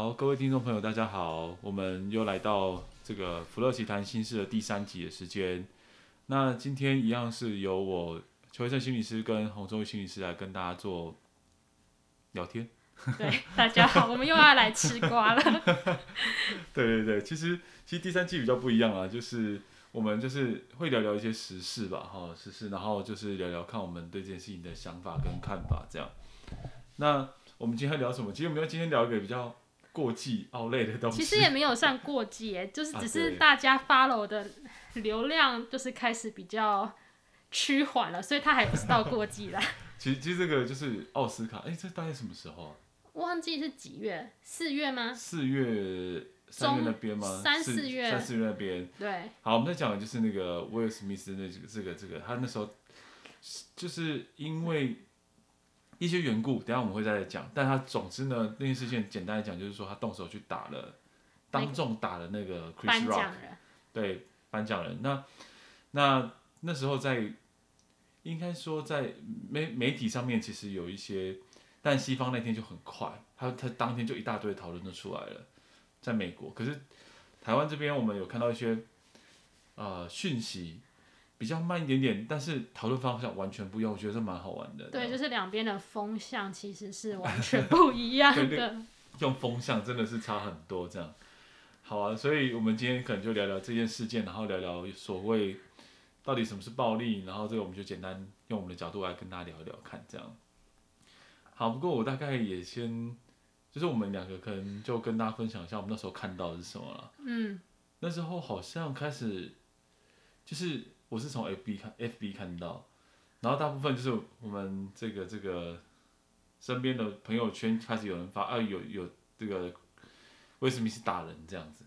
好，各位聽眾朋友，大家好，我們又來到這個《福樂奇談心事》的第三集的時間。那今天一樣是由我邱先生、心理師跟洪忠義心理師來跟大家做聊天。對，大家好， 我們又要來吃瓜了。 對對對，其實其實第三季比較不一樣啊，就是我們就是會聊聊一些時事吧，哈，時事，然後就是聊聊看我們對這件事情的想法跟看法這樣。那我們今天聊什麼？其實我們要今天聊一個比較。過季 outlet 類的東西，其實也沒有算過季， 就是只是大家 follow 的流量就是開始比較趨緩了，所以它還不是到過季了。其實 其實這個就是奧斯卡，哎、欸，這大概什麼時候啊？忘記是幾月？四月嗎？四月、三月那邊嗎？三四月、三四月那邊。對。好，我們在講的就是那個威爾、那個·史密斯，那這個、這個、這個，他那時候就是因為，一些緣故，等下我們會再來講。但他總之呢，那件事情簡單來講，就是說他動手去打了，當眾打了那個 Chris Rock，對，頒獎人。那那那時候在，應該說在媒媒體上面其實有一些，但西方那天就很快，他他當天就一大堆討論就出來了，在美國。可是台灣這邊我們有看到一些，呃，訊息。比較慢一點點，但是討論方向完全不一樣，我覺得這蠻好玩的。對，對吧，就是兩邊的風向其實是完全不一樣的。用風向真的是差很多這樣。好啊，所以我們今天可能就聊聊這件事件，然後聊聊所謂到底什麼是暴力，然後這個我們就簡單用我們的角度來跟大家聊一聊看，這樣。好，不過我大概也先就是我們兩個可能就跟大家分享一下我們那時候看到的是什麼了。嗯，那時候好像開始就是。我是從 FB 看，FB 看到，然後大部分就是我們這個這個身邊的朋友圈開始有人發，啊，有有這個為什麼是打人這樣子？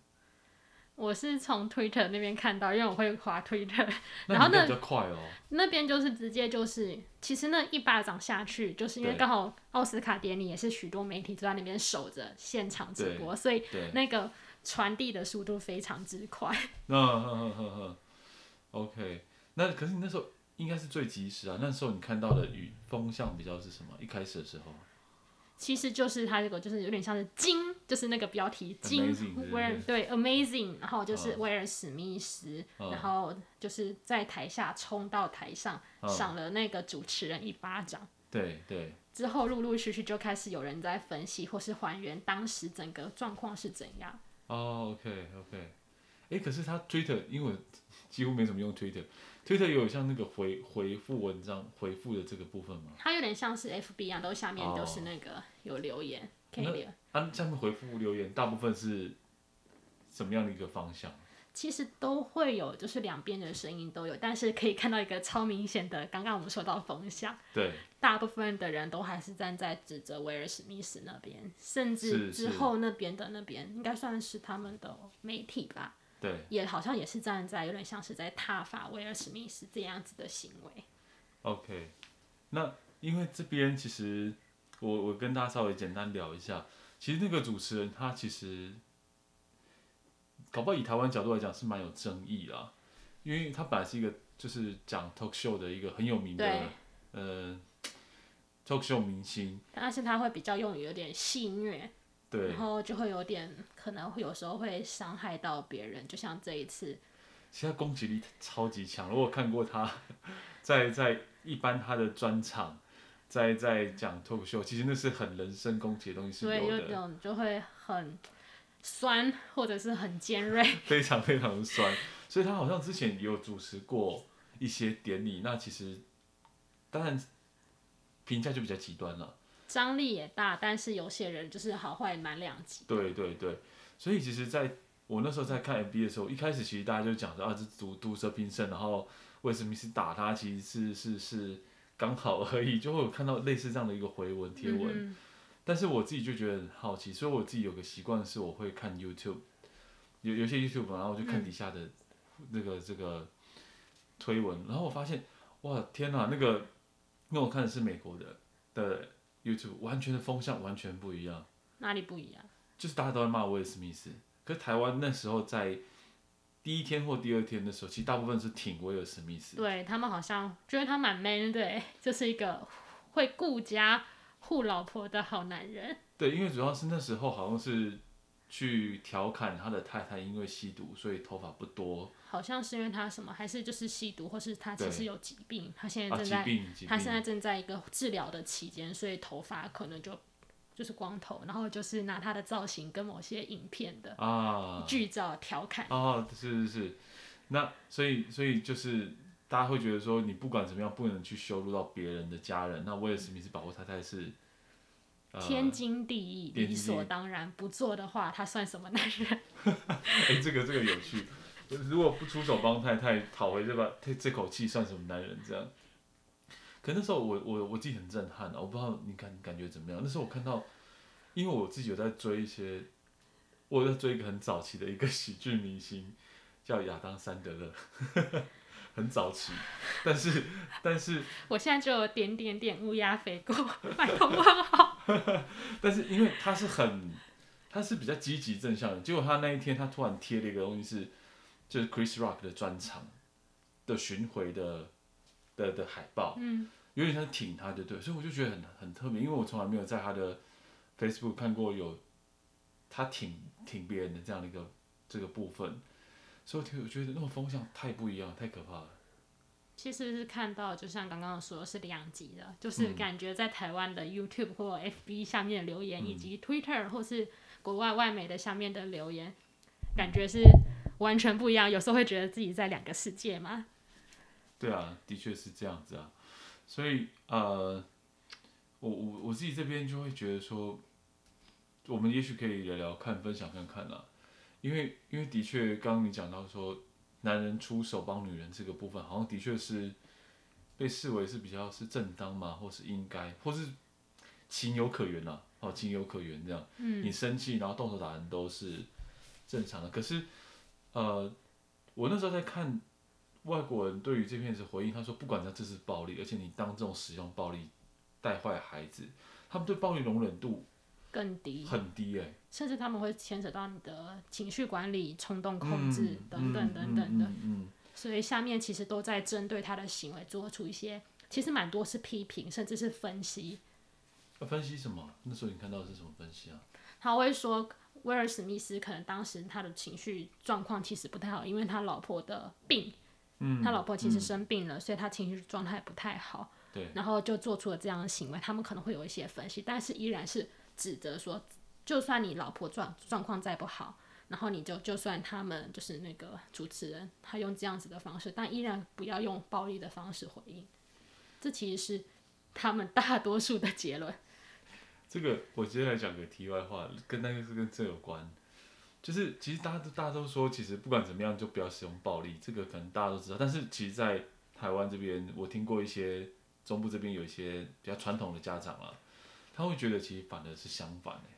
我是從 Twitter 那邊看到，因為我會滑 Twitter， 那那邊比較快哦。那邊就是直接就是，其實那一巴掌下去，就是因為剛好奧斯卡典禮也是許多媒體都在那邊守着現場直播，所以那個傳遞的速度非常之快。 oh, oh, oh, oh. OK，那可是你那時候應該是最及時啊！那時候你看到的雨風向比較是什麼？一開始的時候，其實就是他這個就是有點像是金，就是那個標題金 w h e r e 對 amazing，然後就是威爾史密斯，哦、然後就是在台下衝到台上，賞、哦、了那個主持人一巴掌。對對。對之後陸陸續續就開始有人在分析或是還原當時整個狀況是怎樣。哦，OK，OK。Okay, okay. 哎、欸，可是他推特，因為我幾乎沒怎麼用推特，推特有像那個回回復文章回復的這個部分嗎？它有點像是 FB 一樣，都下面都是那個有留言可以他們啊，下面回復留言大部分是什麼樣的一個方向？其實都會有，就是兩邊的聲音都有，但是可以看到一個超明顯的，剛剛我們說到的風向，對，大部分的人都還是站在指責威爾史密斯那邊，甚至之後那邊的那邊，應該算是他們的媒體吧。對，也好像也是站在有點像是在撻伐威爾史密斯這樣子的行為。OK，那因為這邊其實我我跟大家稍微簡單聊一下，其實那個主持人他其實搞不好以台灣角度來講是蠻有爭議啦，因為他本來是一個就是講 talk show 的一個很有名的對呃 talk show 明星，但是他會比較用語有點戲謔。對然後就會有點，可能會有時候會傷害到別人，就像這一次。其實他攻擊力超級強，如果看過他，在在一般他的專場，在在講脫口秀，其實那是很人身攻擊的東西，是有的，對，有點就會很酸或者是很尖銳， 非常非常酸。所以他好像之前也有主持過一些典禮，那其實當然評價就比較極端了。張力也大，但是有些人就是好壞滿兩極。對對對，所以其實在我那時候在看 m b 的時候，一開始其實大家就講說啊，這毒毒蛇平身，然後威爾史密斯打他其實是是是剛好而已，就會有看到類似這樣的一個回文貼文。嗯嗯，但是我自己就覺得很好奇，所以我自己有個習慣是，我會看 YouTube，有有些 YouTube，然後我就看底下的那個、嗯、這個推文，然後我發現哇天哪，那個因為我看的是美國的的。對 YouTube 完全的風向完全不一樣，哪裡不一樣？就是大家都在罵威爾史密斯，可是台灣那時候在第一天或第二天的時候，其實大部分是挺威爾史密斯。對，他們好像覺得他蠻 man，對，就是一個會顧家、護老婆的好男人。對，因為主要是那時候好像是。去調侃他的太太，因為吸毒，所以頭髮不多。好像是因為他什麼，還是就是吸毒，或是他其實有疾病，他對現在正在他、啊、現在正在一個治療的期間，所以頭髮可能就就是光頭。然後就是拿他的造型跟某些影片的啊劇照調侃。哦，是是是，那所以所以就是大家會覺得說，你不管怎麼樣，不能去羞辱到別人的家人。那威爾史密斯保護太太是？天經地義，地義理所當然。不做的話，他算什麼男人？哎、 欸，這個這個有趣。如果不出手幫太太討回就把這口氣算什麼男人？這樣。可是那時候我我我自己很震撼，我不知道你感你感覺怎麼樣？那時候我看到，因為我自己有在追一些，我有在追一個很早期的一個喜劇明星，叫亞當·山德勒。 很早期，但是但是，我現在就點點點，烏鴉飛過，滿頭問號 但是因為他是很，他是比較積極正向的。結果他那一天他突然貼了一個東西是，就是 Chris Rock 的專場的巡迴的的的海報，嗯，有點像挺他就對，所以我就覺得很很特別，因為我從來沒有在他的 Facebook 看過有他挺挺別人的這樣的一個這個部分。所以我覺得那個風向太不一樣，太可怕了。其實是看到，就像剛剛說，是兩極的，就是感覺在台灣的 YouTube 或 FB 下面的留言，嗯、以及 Twitter 或是國外外媒的下面的留言，嗯、感覺是完全不一樣。有時候會覺得自己在兩個世界嘛。對啊，的確是這樣子啊。所以呃，我我我自己這邊就會覺得說，我們也許可以聊聊看，分享看看啊。因為因為的確，剛剛你講到說，男人出手幫女人這個部分，好像的確是被視為是比較是正當嘛，或是應該，或是情有可原啦、啊，哦，情有可原這樣，嗯、你生氣然後動手打人都是正常的。可是，呃，我那時候在看外國人對於這片子回應，他說，不管他這是暴力，而且你當眾使用暴力帶壞孩子，他們對暴力容忍度。更低，很低欸，甚至他們會牽扯到你的情緒管理、衝動控制、嗯嗯、等等等等的。嗯，嗯嗯嗯，所以下面其實都在針對他的行為做出一些，其實蠻多是批評，甚至是分析。啊，分析什麼？那時候你看到的是什麼分析啊？他會說，威爾·史密斯可能當時他的情緒狀況其實不太好，因為他老婆的病。嗯，他老婆其實生病了，嗯，所以他情緒狀態不太好。對，然後就做出了這樣的行為。他們可能會有一些分析，但是依然是。指責說，就算你老婆狀狀況再不好，然後你就就算他們就是那個主持人，他用這樣子的方式，但依然不要用暴力的方式回應。這其實是他們大多數的結論。這個我今天來講個題外話，跟那個是跟這有關。就是其實大家都大家都說，其實不管怎麼樣就不要使用暴力，這個可能大家都知道。但是其實，在台灣這邊，我聽過一些中部這邊有一些比較傳統的家長啊。他會覺得其實反而是相反的，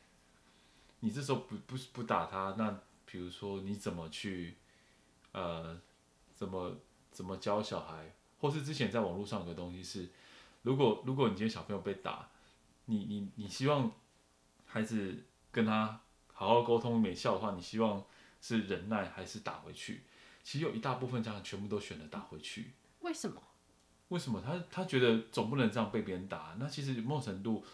你這時候不不不打他，那比如說你怎麼去，呃，怎麼怎麼教小孩，或是之前在網絡上有個東西是，如果如果你今天小朋友被打，你你你希望孩子跟他好好溝通沒效的話，你希望是忍耐還是打回去？其實有一大部分家長全部都選了打回去，為什麼？為什麼他他覺得總不能這樣被別人打？那其實某種程度。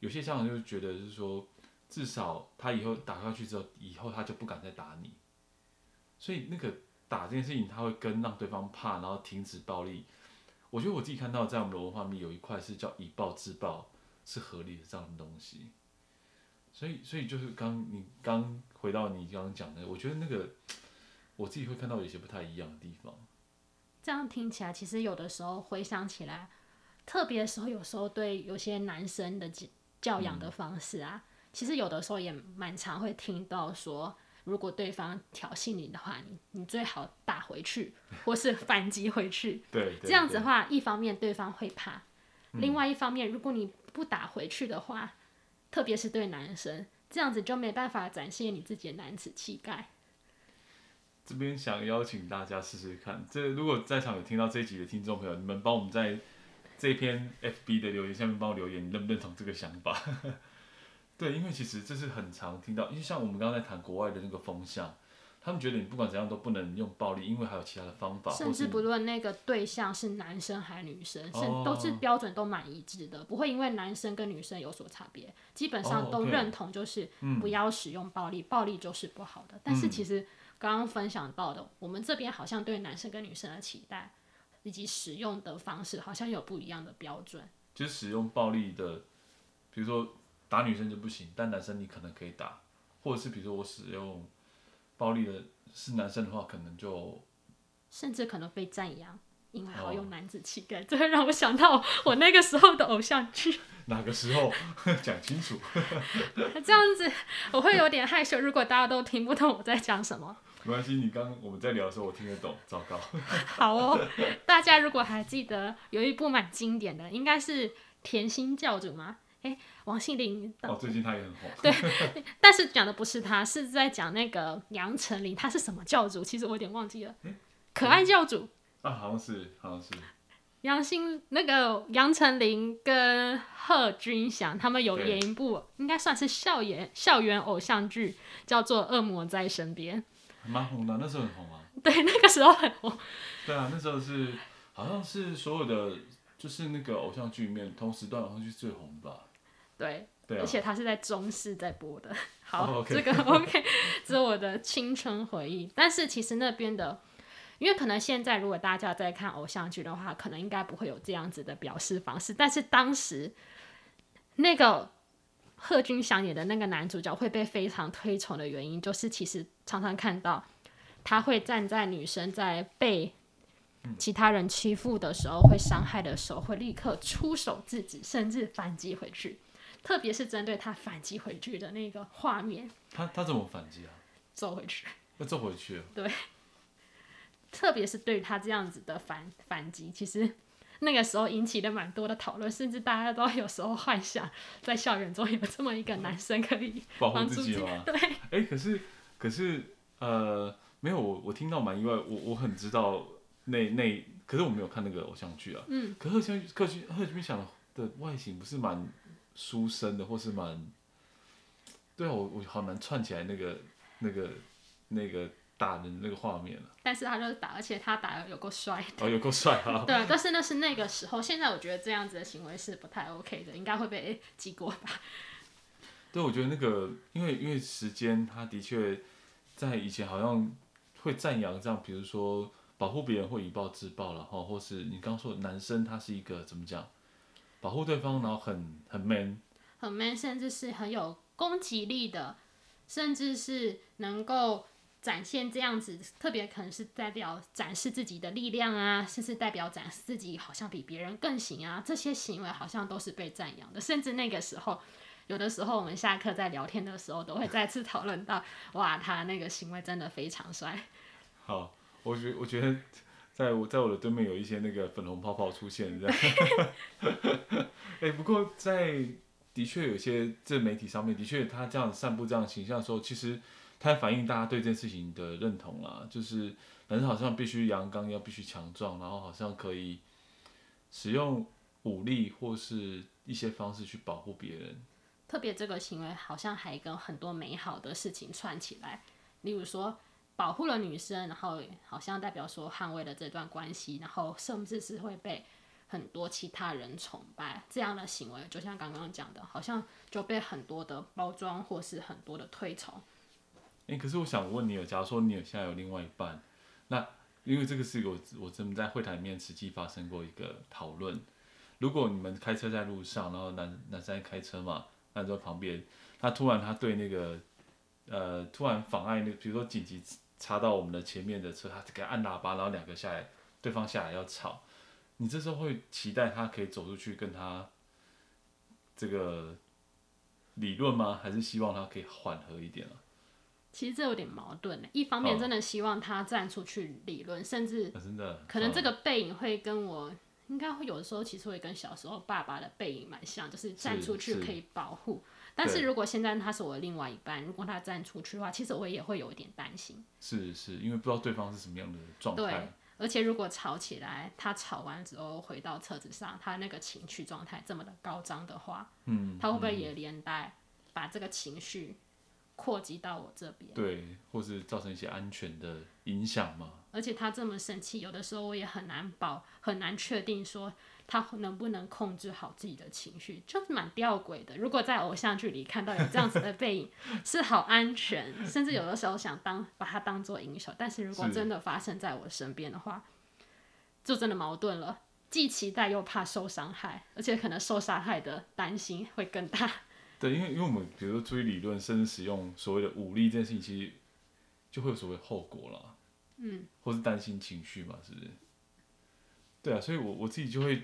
有些家長就覺得，是說至少他以後打下去之後，以後他就不敢再打你。所以那個打這件事情，他會跟讓對方怕，然後停止暴力。我覺得我自己看到，在我們的文化裡面有一塊是叫以暴制暴，是合理的這樣的東西。所以，所以就是剛你剛回到你剛剛講的，我覺得那個我自己會看到有些不太一樣的地方。這樣聽起來，其實有的時候回想起來，特別的時候，有時候對有些男生的。教養的方式啊，嗯、其實有的時候也蠻常會聽到說，如果對方挑釁你的話，你你最好打回去或是反擊回去。 對，對這樣子的話，對一方面對方會怕，嗯、另外一方面，如果你不打回去的話，特別是對男生，這樣子就沒辦法展現你自己的男子氣概。這邊想邀請大家試試看，這如果在場有聽到這一集的聽眾朋友，你們幫我們在這一篇 FB 的留言下面幫我留言，你認不認同這個想法？ 對，因為其實這是很常聽到，因為像我們剛剛在談國外的那個風向，他們覺得你不管怎樣都不能用暴力，因為還有其他的方法。甚至不論那個對象是男生還是女生，甚至、哦、都是標準都蠻一致的，不會因為男生跟女生有所差別，基本上都認同就是不要使用暴力，嗯、暴力就是不好的。但是其實剛剛分享到的，嗯、我們這邊好像對男生跟女生的期待。以及使用的方式好像有不一樣的標準，就是使用暴力的，比如說打女生就不行，但男生你可能可以打，或者是比如說我使用暴力的是男生的話，可能就甚至可能被讚揚，因為好有男子氣概，這、哦、會讓我想到我那個時候的偶像劇。 哪個時候？講 清楚。 這樣子我會有點害羞，如果大家都聽不懂我在講什麼。沒關係，你剛我們在聊的時候我聽得懂。糟糕。好哦，大家如果還記得有一部蠻經典的，應該是甜心教主嗎？哎、欸，王心凌哦，最近他也很火。對，但是講的不是他，是在講那個楊丞琳，他是什麼教主？其實我有點忘記了。嗯、可愛教主、嗯、啊，好像是，好像是楊心那個楊丞琳跟賀軍翔他們有演一部，對應該算是校園校園偶像劇，叫做《惡魔在身邊》。蠻紅的，那時候很紅啊。對，那個時候很紅。對啊，那時候是好像是所有的對就是那個偶像劇面同時段，好像是最紅吧。對。對啊，而且它是在中視在播的，好，oh, okay. 這個 OK，這 是我的青春回憶。但是其實那邊的，因為可能現在如果大家在看偶像劇的話，可能應該不會有這樣子的表示方式。但是當時那個。賀軍翔演的那個男主角會被非常推崇的原因，就是其實常常看到他會站在女生在被其他人欺負的時候，會傷害的時候，會立刻出手制止，甚至反擊回去。特別是針對他反擊回去的那個畫面，他他怎麼反擊啊？揍回去？要揍回去？對，特別是對他這樣子的反反擊，其實。那個時候引起了蠻多的討論，甚至大家都有時候幻想在校園中有這麼一個男生可以保護自己對、欸，哎可是可是呃沒有，我我聽到蠻意外，我我很知道那那，可是我沒有看那個偶像劇啊，嗯可，可是賀軍賀軍賀軍翔的外形不是蠻書生的或是蠻，對啊，我我好難串起來那個那個那個。那個打的那個畫面，但是他就是打，而且他打得有夠帥哦有夠帥啊，對，但是那是那個時候，現在我覺得這樣子的行為是不太 OK 的，應該會被欸、記過吧？對，我覺得那個，因為因為時間，他的確在以前好像會讚揚這樣，比如說保護別人或以暴制暴了哈，或是你剛說的男生他是一個怎麼講，保護對方然後很很 man，很 man 甚至是很有攻擊力的，甚至是能夠。展現這樣子，特別可能是代表展示自己的力量啊，甚至代表展示自己好像比別人更行啊，這些行為好像都是被讚揚的。甚至那個時候，有的時候我們下課在聊天的時候，都會再次討論到， 哇，他那個行為真的非常帥。好，我覺我覺得，在我在我的對面有一些那個粉紅泡泡出現，哈哎、 欸，不過在的確有些自媒體上面，的確他這樣散布這樣形象的時候，其實。它反映大家對這件事情的認同啦，就是人好像必須陽剛，要必須強壯，然後好像可以使用武力或是一些方式去保護別人。特別這個行為好像還跟很多美好的事情串起來，例如說保護了女生，然後好像代表說捍衛了這段關係，然後甚至是會被很多其他人崇拜。這樣的行為，就像剛剛講的，好像就被很多的包裝或是很多的推崇。欸、可是我想問你，有假如說你有現在有另外一半，那因為這個是我，我真的在會談裡面實際發生過一個討論。如果你們開車在路上，然後男，男生開車嘛，男生在旁邊，他突然他對那個呃，突然妨礙那比如說緊急插到我們的前面的車，他給他按喇叭，然後兩個下來，對方下來要吵，你這時候會期待他可以走出去跟他這個理論嗎？還是希望他可以緩和一點啊？其實這有點矛盾。一方面真的希望他站出去理論，好甚至可能這個背影會跟我，哦，應該會有的時候其實會跟小時候爸爸的背影蠻像，就是站出去可以保護。是是，但是如果現在他是我的另外一半，如果他站出去的話，其實我也會有一點擔心。是是，因為不知道對方是什麼樣的狀態。對，而且如果吵起來，他吵完之後回到車子上，他那個情緒狀態這麼的高漲的話，嗯，他會不會也連帶把這個情緒擴及到我這邊，對，或是造成一些安全的影響嗎？而且他這麼生氣，有的時候我也很難保，很難確定說他能不能控制好自己的情緒，就是蠻弔詭的。如果在偶像劇裡看到有這樣子的背影， 是好安全，甚至有的時候想當把他當做英雄。但是如果真的發生在我身邊的話，是就真的矛盾了，既期待又怕受傷害，而且可能受傷害的擔心會更大。對，因為因為我們比如說出於理論，甚至使用所謂的武力這件事情，其實就會有所謂的後果了，嗯，或是擔心情緒嘛，是不是？對啊，所以我，我我自己就會，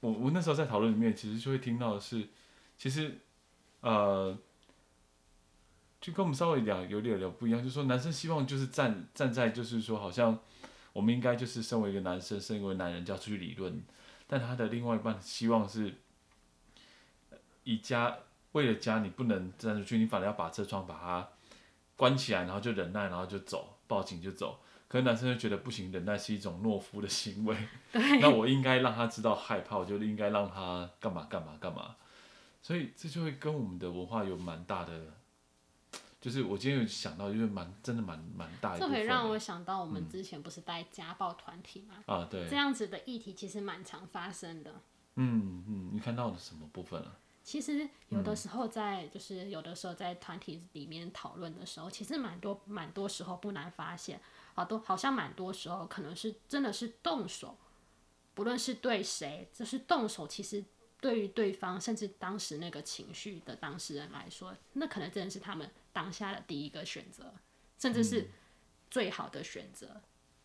我我那時候在討論裡面，其實就會聽到的是，其實，呃，就跟我們稍微聊有點聊不一樣，就是說男生希望就是站站在就是說好像我們應該就是身為一個男生，身為男人就要出去理論，但他的另外一半希望是以家。為了家，你不能站出去，你反而要把車窗把它關起來，然後就忍耐，然後就走，報警就走。可能男生就覺得不行，忍耐是一種懦夫的行為。對那我應該讓他知道害怕，我就應該讓他幹嘛幹嘛幹嘛。所以這就會跟我們的文化有蠻大的，就是我今天有想到，就是蠻真的蠻蠻大的、欸。這會讓我想到，我們之前不是帶家暴團體嗎？嗯、啊，對。這樣子的議題其實蠻常發生的。嗯嗯，你看到了什麼部分啊？其實有的時候在，在、嗯、就是有的時候在團體裡面討論的時候，其實蠻多蠻多時候不難發現，好多好像蠻多時候可能是真的是動手，不論是對誰，就是動手。其實對於對方，甚至當時那個情緒的當事人來說，那可能真的是他們當下的第一個選擇，甚至是最好的選擇。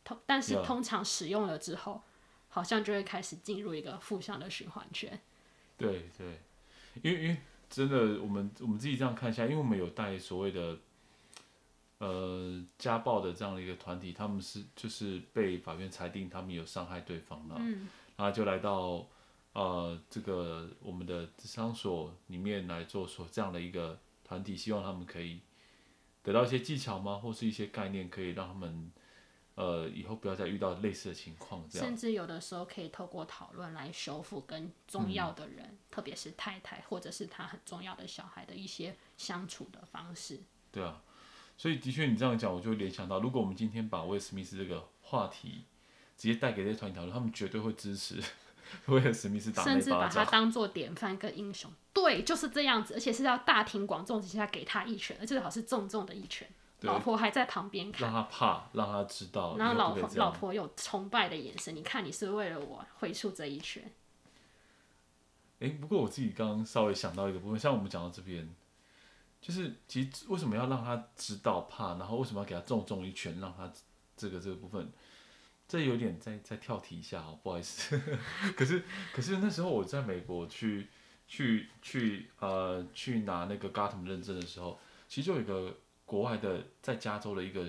通、嗯、但是通常使用了之後，嗯、好像就會開始進入一個負向的循環圈。對對。對因為因為真的，我們我們自己這樣看一下，因為我們有帶所謂的呃家暴的這樣的一個團體，他們是就是被法院裁定他們有傷害對方了，然後就來到呃這個我們的諮商所裡面來做所這樣的一個團體，希望他們可以得到一些技巧嗎，或是一些概念，可以讓他們。呃，以後不要再遇到類似的情況這樣。甚至有的時候可以透過討論來修復跟重要的人，嗯、特別是太太或者是他很重要的小孩的一些相處的方式。對啊，所以的確你這樣講，我就聯想到，如果我們今天把威爾史密斯這個話題直接帶給這些團體討論，他們絕對會支持威爾史密斯打，甚至把他當做典範跟英雄。對，就是這樣子，而且是要大庭廣眾之下給他一拳，而且最好是重重的一拳。對老婆還在旁邊看，讓他怕，讓他知道會會。然後老婆老婆有崇拜的眼神，你看你是為了我揮出這一拳。哎、欸，不過我自己剛剛稍微想到一個部分，像我們講到這邊，就是其實為什麼要讓他知道怕，然後為什麼要給他重重一拳，讓他這個這個部分，這有點在在跳題一下哦，不好意思。 可是可是那時候我在美國去去去呃去拿那個 Gottman 認證的時候，其實有一個。國外的在加州的一個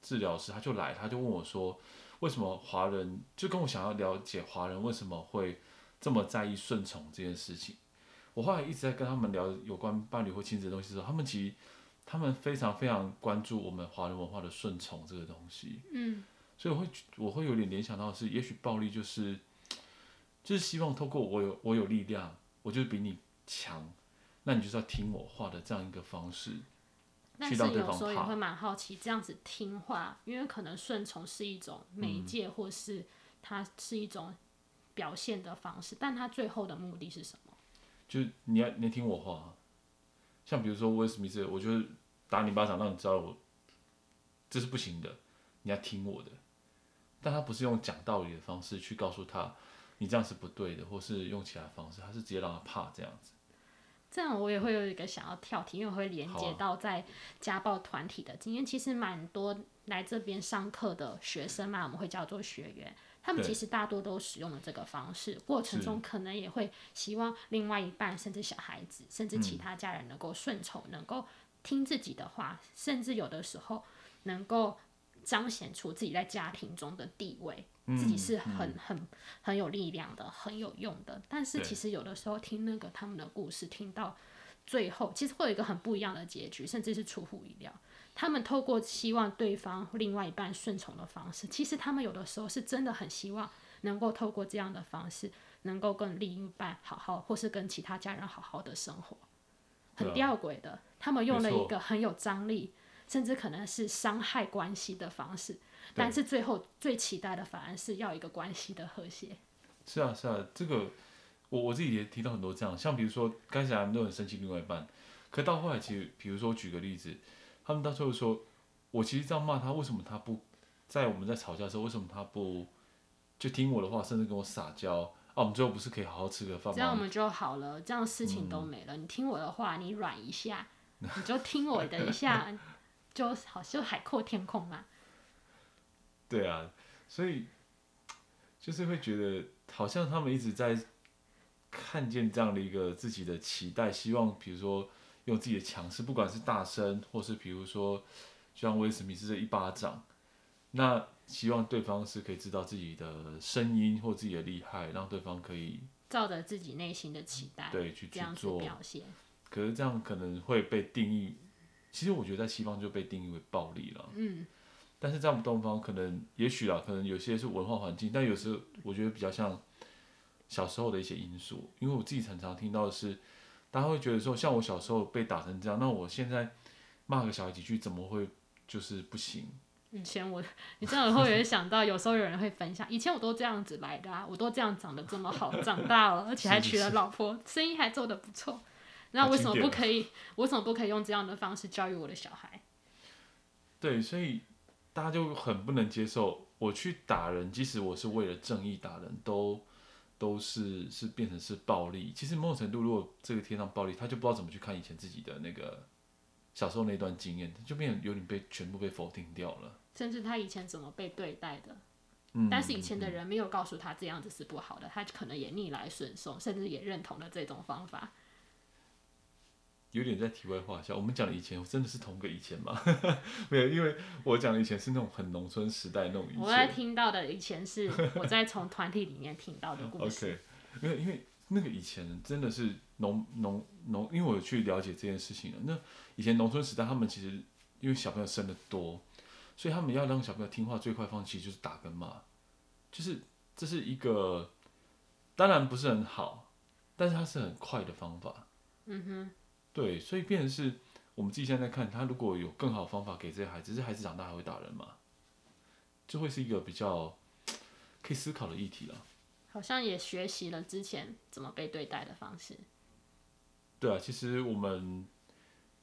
治療師，他就來，他就問我說：“為什麼華人就跟我想要了解華人為什麼會這麼在意順從這件事情？”我後來一直在跟他們聊有關伴侶或親子的東西的時候，他們其實他們非常非常關注我們華人文化的順從這個東西。嗯，所以我會我會有點聯想到是，也許暴力就是就是希望透過我有我有力量，我就比你強，那你就是要聽我話的這樣一個方式。但是有時候也會蠻好奇，這樣子聽話，因為可能順從是一種媒介，或是它是一種表現的方式，嗯、但它最後的目的是什麼？就是你要你聽我話，像比如說威爾史密斯，我就打你巴掌讓你知道我這是不行的，你要聽我的。但他不是用講道理的方式去告訴他你這樣是不對的，或是用其他方式，他是直接讓他怕這樣子。這樣我也會有一個想要跳題，因為我會連接到在家暴團體的經驗。啊、其實蠻多來這邊上課的學生嘛，我們會叫做學員。他們其實大多都使用了這個方式，對過程中可能也會希望另外一半，是甚至小孩子，甚至其他家人能夠順從，嗯、能夠聽自己的話，甚至有的時候能夠彰顯出自己在家庭中的地位。自己是很，嗯嗯、很很有力量的，很有用的。但是其實有的時候聽那個他們的故事，對聽到最後，其實會有一個很不一樣的結局，甚至是出乎意料。他們透過希望對方另外一半順從的方式，其實他們有的時候是真的很希望能夠透過這樣的方式，能夠跟另一半好好，或是跟其他家人好好的生活。啊、很吊詭的，他們用了一個很有張力，錯甚至可能是傷害關係的方式。對但是最後最期待的，反而是要一個關係的和諧。是啊，是啊，這個我我自己也提到很多這樣，像比如說剛才他們都很生氣另外一半，可到後來其實，比如說我舉個例子，他們到最後說，我其實這樣罵他，為什麼他不在我們在吵架的時候，為什麼他不就聽我的話，甚至跟我撒嬌啊？我們最後不是可以好好吃個飯嗎？這樣我們就好了，這樣事情都沒了。嗯、你聽我的話，你軟一下，你就聽我等一下， 就好，就海闊天空嘛。對啊，所以就是會覺得好像他們一直在看見這樣的一個自己的期待，希望比如說用自己的強勢，不管是大聲，或是比如說像威爾史密斯的一巴掌，那希望對方是可以知道自己的聲音或自己的厲害，讓對方可以照着自己內心的期待、嗯、對去去做表現。可是這樣可能會被定義，其實我覺得在西方就被定義為暴力了。嗯。但是在我們東方，可能也許啊，可能有些是文化環境，但有時候我覺得比較像小時候的一些因素。因為我自己常常聽到的是，大家會覺得說，像我小時候被打成這樣，那我現在罵個小孩幾句，怎麼會就是不行？以前我，你正以後也會想到，有時候有人會分享， 以前我都這樣子來的啊，我都這樣長得這麼好，長大了而且還娶了老婆， 是不是生意還做得不錯，那為什麼不可以？為什麼不可以用這樣的方式教育我的小孩？對，所以。大家就很不能接受，我去打人，即使我是為了正義打人，都都是是變成是暴力。其實某種程度，如果這個貼上暴力，他就不知道怎麼去看以前自己的那個小時候那段經驗，就變成有點被全部被否定掉了。甚至他以前怎麼被對待的，嗯，但是以前的人沒有告訴他這樣子是不好的，他可能也逆來順受，甚至也認同了這種方法。有點在題外話笑，我們講的以前，真的是同個以前嗎？ 沒有，因為我講的以前是那種很農村時代的那種。我在聽到的以前是我在從團體裡面聽到的故事。因為、 okay. 因為那個以前真的是農農農，因為我去了解這件事情。那以前農村時代，他們其實因為小朋友生得多，所以他們要讓小朋友聽話，最快方式就是打跟罵，就是這是一個當然不是很好，但是它是很快的方法。嗯哼。對，所以變成是我們自己現在在看他，如果有更好的方法給這些孩子，這孩子長大還會打人嗎？就會是一個比較可以思考的議題了。好像也學習了之前怎麼被對待的方式。對啊，其實我們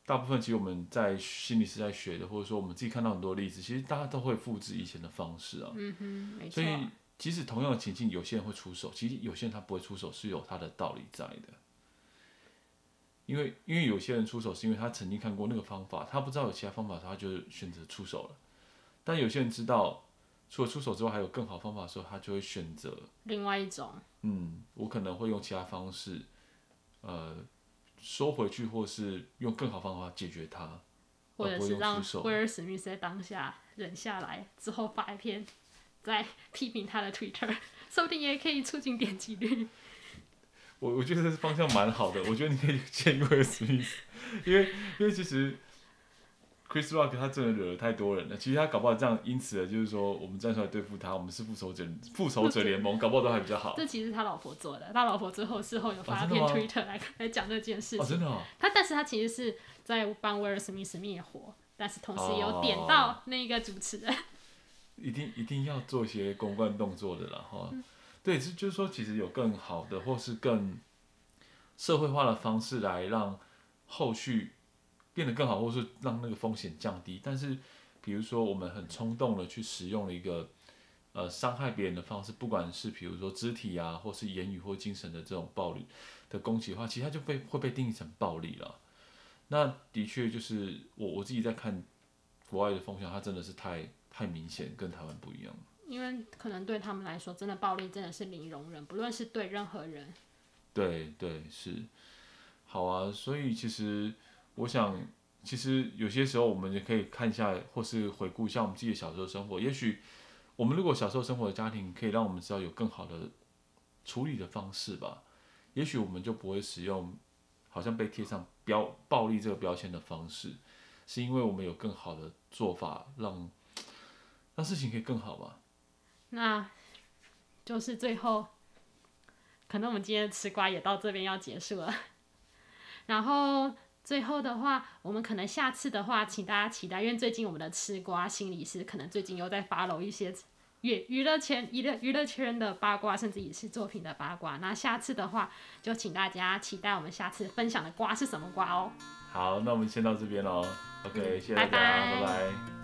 大部分，其實我們在心理是在學的，或者說我們自己看到很多例子，其實大家都會複製以前的方式啊。嗯哼，沒錯。所以即使同樣的情境，有些人會出手，其實有些人他不會出手，是有他的道理在的。因為因為有些人出手是因為他曾經看過那個方法，他不知道有其他方法，他就選擇出手了。但有些人知道除了出手之外，還有更好方法的時候，他就會選擇另外一種。嗯，我可能會用其他方式，呃，收回去，或是用更好方法解決它，或者是讓威爾史密斯在當下忍下來，之後發一篇在批評他的推特，說不定也可以促進點擊率。我我覺得這是方向蠻好的。我覺得你可以去一個 Smith，因為因為其實 Chris Rock 他真的惹了太多人了，其實他搞不好這樣，因此呢，就是說我們站出來對付他，我們是復仇者復仇者聯盟，搞不好都還比較好。啊、這個、其實是他老婆做的，他的老婆之後事後有發片一篇推特來來講這件事情，啊、真的。他、啊哦、但是他其實是在幫威爾史密斯滅火，但是同時也有點到那個主持人。一定一定要做一些公關動作的了哈。嗯對，就就是說，其實有更好的，或是更社會化的方式來讓後續變得更好，或是讓那個風險降低。但是，比如說我們很衝動的去使用了一個呃傷害別人的方式，不管是比如說肢體啊，或是言語或精神的這種暴力的攻擊的話，其實它就被會被定義成暴力了。那的確就是我我自己在看國外的風向，它真的是太太明顯，跟台灣不一樣。因為可能對他們來說，真的暴力真的是零容忍，不論是對任何人。對對是，好啊。所以其實我想，其實有些時候我們也可以看一下，或是回顧一下我們自己的小時候生活。也許我們如果小時候生活的家庭可以讓我們知道有更好的處理的方式吧。也許我們就不會使用好像被貼上標暴力這個標籤的方式，是因為我們有更好的做法，讓讓事情可以更好吧。那，就是最後，可能我們今天的吃瓜也到這邊要結束了。然後最後的話，我們可能下次的話，請大家期待，因為最近我們的吃瓜心理是，可能最近又在 follow 一些娛娛樂圈娛樂娛樂圈的八卦，甚至影視作品的八卦。那下次的話，就請大家期待我們下次分享的瓜是什麼瓜哦。好，那我們先到這邊嘍。OK，謝謝大家，拜拜。拜拜。